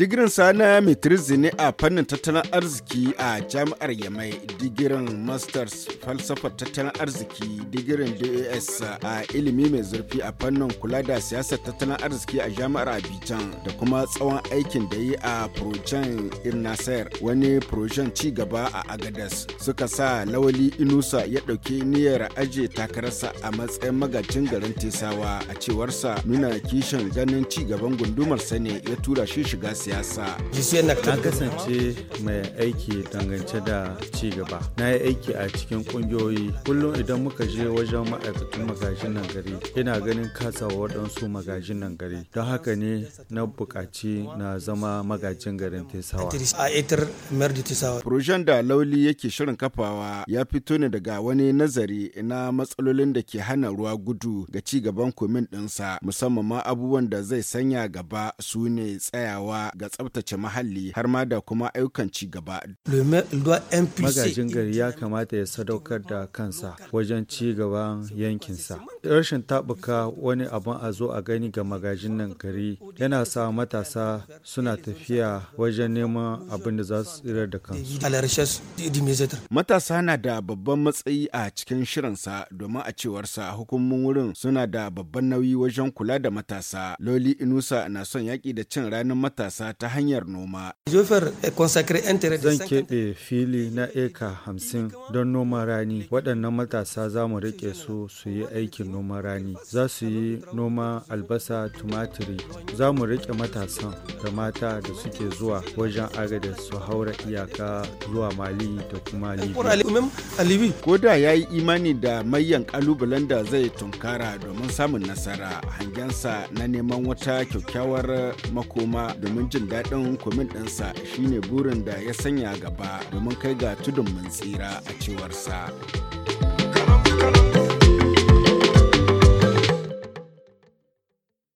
digirin sa na matriz ne a fannin tattalin arziki a jami'ar yamai digirin masters falsafar tattalin arziki digirin das a ilimi mai zurfi a fannin kula da siyasar tattalin arziki a jami'ar abidjan da kuma tsawon aikin da yi a projen irnasayar wani projen ci gaba a agadas suka sa lawali inusa ya ɗauki niyyar aje takararsa a matsayin magajin garin tesawa a cewarsa nuna kishin ganin ci gaban gundumar ne ya tura shi shiga siyasa siyasa. Na kasance mai aiki dangance da ci gaba. Na yi aiki a cikin kungiyoyi. Kullum idan muka je wajen ma'aikatan magajin nan gari, ina ganin kasa waɗansu magajin nan gari. Don haka ne na buƙaci na zama magajin garin Tesawa. Projen da Lauli yake shirin kafawa ya fito ne daga wani nazari na matsalolin da ke hana ruwa gudu ga ci gaban komin ɗinsa musamman ma abubuwan da zai sanya gaba su ne tsayawa ga tsabtace muhalli har ma da kuma ayyukan ci gaba. Magajin gari ya kamata ya sadaukar da kansa wajen ci gaban yankinsa. Rashin taɓuka wani abin a zo a gani ga magajin nan gari yana sa matasa suna tafiya wajen neman abin da za su tsirar da kansu. Matasa na da babban matsayi a cikin shirinsa domin a cewarsa hukumomin wurin suna da babban nauyi wajen kula da matasa. Loli Inusa na son yaƙi da cin ranar matasa matasa ta hanyar noma. Eh, Zan keɓe fili na eka hamsin don noman rani. Waɗannan matasa za mu riƙe su su yi aikin noman rani. Za su yi noma albasa tumatiri. Za mu riƙe matasan da mata da suke zuwa wajen agada su haura iyaka zuwa Mali da kuma eh, Libi. Ko ya yi imani da mayan ƙalubalen da zai tunkara domin samun nasara hangensa na neman wata kyakkyawar makoma domin jin daɗin kwamin ɗinsa shine burin da ya sanya gaba domin kai ga tudun mun tsira a cewarsa.